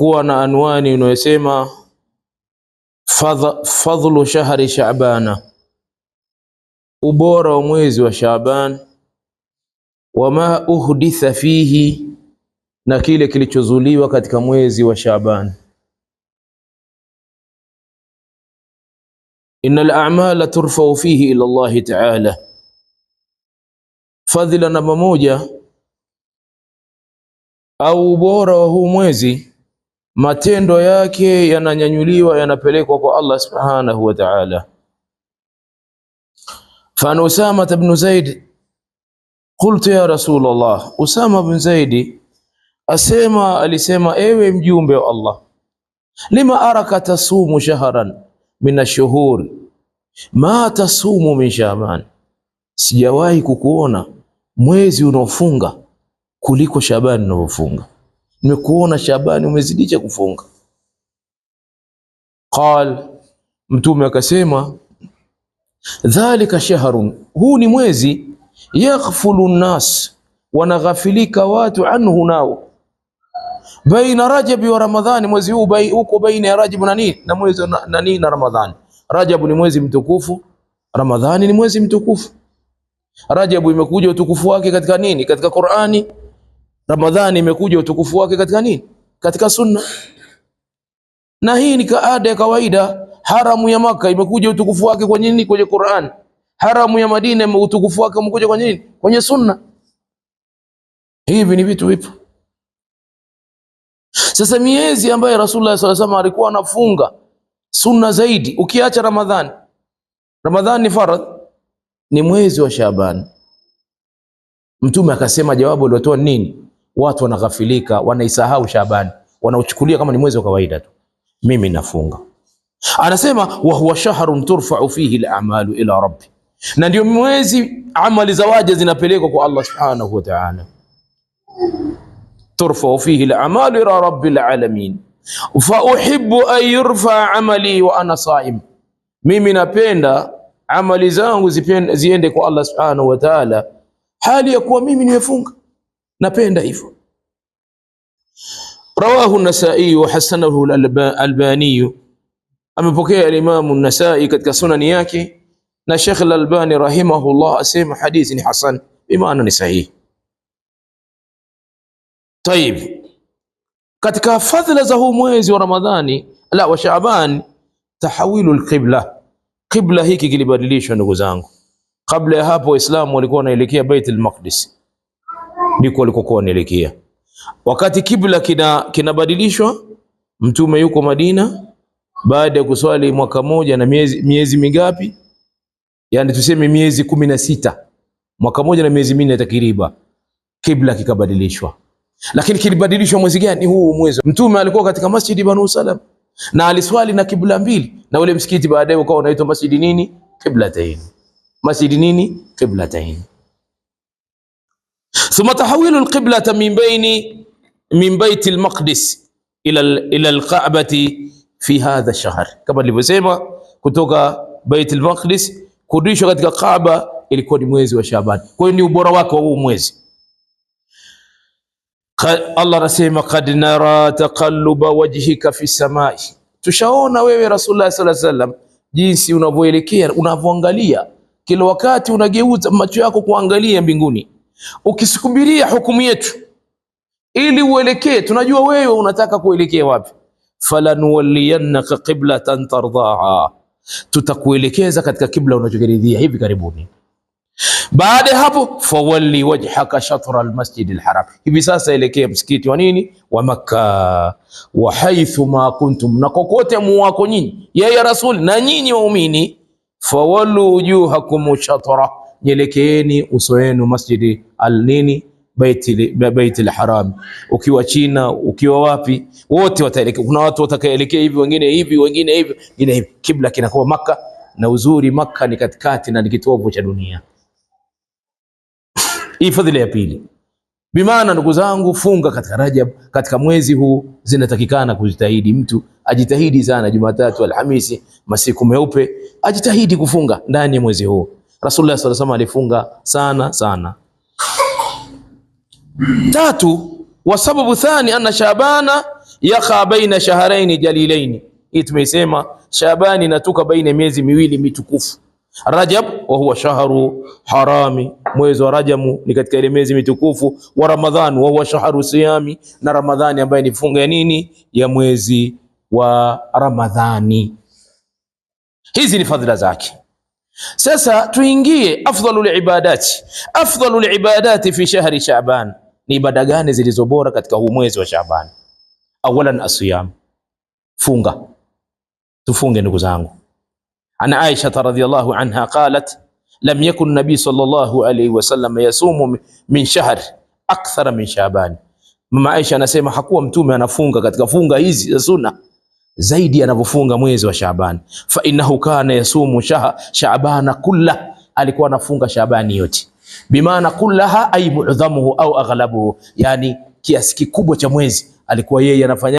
kuwa na anwani inayosema fadhlu shahri shabana ubora wa mwezi wa Shaaban, wama uhditha fihi, na kile kilichozuliwa katika mwezi wa Shaaban. Innal a'mala turfau fihi ila Allahi ta'ala. Fadhila namba moja au ubora wa huu mwezi matendo yake yananyanyuliwa yanapelekwa kwa Allah subhanahu wa ta'ala. Fan Usama ibn Zaid qultu ya Rasulullah, Usama ibn Zaidi asema alisema, ewe mjumbe wa Allah, lima araka tasumu shahran min ashuhuri ma tasumu min Shaban, sijawahi kukuona mwezi unaofunga kuliko Shaban unaofunga nimekuona Shabani, umezidisha kufunga. Qal, Mtume akasema dhalika shahrun, huu ni mwezi, yaghfulu nnas, wanaghafilika watu anhu nao, baina Rajabi wa Ramadhani, mwezi huu uko baina ya Rajabu na nini na mwezi na nini na Ramadhani. Rajabu ni mwezi mtukufu, Ramadhani ni mwezi mtukufu. Rajabu imekuja utukufu wake katika nini? Katika Qur'ani. Ramadhani imekuja utukufu wake katika nini? Katika sunna. Na hii ni kaada ya kawaida. Haramu ya Maka imekuja utukufu wake kwa nini? Kwenye Qur'an. Haramu ya Madina utukufu wake umekuja kwa nini? Kwenye sunna. Hivi ni vitu vipo. Sasa miezi ambayo Rasulullah SAW alaihi wasallam alikuwa anafunga sunna zaidi, ukiacha Ramadhani. Ramadhani ni faradhi, ni mwezi wa Shaaban. Mtume akasema jawabu aliotoa nini? watu wanaghafilika, wanaisahau Shabani, wanauchukulia kama ni mwezi wa kawaida tu. Mimi nafunga. Anasema wa huwa shahrun turfa'u fihi al-a'malu ila rabbi, na ndio mwezi amali za waja zinapelekwa kwa Allah subhanahu wa ta'ala. Turfa'u fihi al-a'malu ila rabbil alamin fa uhibbu an yurfa amali wa ana saim, mimi napenda amali zangu ziende kwa Allah subhanahu wa ta'ala hali ya kuwa mimi nimefunga. Napenda hivyo. Rawahu Nasai wa hasanahu albani amepokea al nasai katika sunani yake, na Sheikh al-Albani rahimahullah asema hadithi ni hasan, bimaana ni sahihi. Tayib, katika fadhila za huu mwezi wa Ramadhani la wa Shaaban, tahawilu al qibla hiki kilibadilishwa ndugu zangu. Kabla ya hapo Waislamu walikuwa wanaelekea Baitul Maqdis ndiko walikokuwa wanaelekea. Wakati kibla kina kinabadilishwa, mtume yuko Madina baada ya kuswali mwaka moja na miezi, miezi mingapi? Yani tuseme miezi kumi na sita, mwaka moja na miezi minne takriban, kibla kikabadilishwa. Lakini kilibadilishwa mwezi gani? Huu mwezi mtume alikuwa katika masjidi Banu Salam na aliswali na kibla mbili, na ule msikiti baadaye ukawa unaitwa masjidi nini? Kiblatain. Masjidi nini? Kiblatain thumma tahawilu lqiblata min baini min baiti lmaqdis ila, ila lkabati fi hadha shahr, kama nilivyosema kutoka Bait al kurudishwa katika Kaaba ilikuwa ni mwezi wa Shaaban. Kwa hiyo ni ubora wake wa huu mwezi. Allah anasema kad nara taqalluba wajhika fi samai, tushaona wewe Rasulullah sallallahu alaihi wasallam jinsi unavyoelekea unavyoangalia, kila wakati unageuza macho yako kuangalia mbinguni ukisukubiria hukumu yetu ili uelekee, tunajua wewe unataka kuelekea wapi. falanuwalliyannaka qiblatan tardaa, tutakuelekeza katika kibla unachokiridhia hivi karibuni. Baada ya hapo, fawalli wajhaka shatra almasjid lharam hivi sasa elekea msikiti wa nini wa Makka. wa haithu ma kuntum, na kokote muwako nyinyi, yeye Rasul na nyinyi waumini. fawallu wujuhakum shatra Nyelekeeni uso wenu masjidi al nini Baitil Baitil Haram, ukiwa China, ukiwa wapi, wote wataelekea. Kuna watu watakaelekea hivi, wengine hivi, wengine hivi, wengine hivi. Kibla kinakuwa Maka, na uzuri Maka ni katikati na ni kitovu cha dunia. Hii fadhila ya pili, bimaana ndugu zangu, funga katika Rajab, katika mwezi huu zinatakikana kujitahidi. Mtu ajitahidi sana, Jumatatu, Alhamisi, masiku meupe, ajitahidi kufunga ndani ya mwezi huu. Rasulullah sallallahu alaihi alifunga sana sana. Tatu, wa sababu thani anna Shabana yakha baina shahraini jalilaini. Hii tumeisema Shabani inatuka baina miezi miwili mitukufu. Rajab wa huwa shahru harami, mwezi wa Rajabu ni katika ile miezi mitukufu. Wa Ramadhan wa huwa shahru siyami, na Ramadhani ambaye ni funga ya nini? Ya mwezi wa Ramadhani. Hizi ni fadhila zake. Sasa tuingie afdhalul ibadat afdhalul ibadati fi shahri Shaaban. Ni ibada gani zilizo bora katika huu mwezi wa Shaaban? Awalan asiyam, funga. Tufunge ndugu zangu. An Aisha radhiyallahu anha qalat lam yakun nabii sallallahu alayhi wasallam yasumu min shahr akthara min Shaaban. Mama Aisha anasema hakuwa mtume anafunga katika funga hizi za sunna zaidi anavyofunga mwezi wa Shaaban. Fa innahu kana yasumu Shaabana kulla, alikuwa anafunga Shaabani yote. Bimaana kullaha ay mu'dhamuhu au aghlabuhu, yani kiasi kikubwa cha mwezi alikuwa yeye anafanya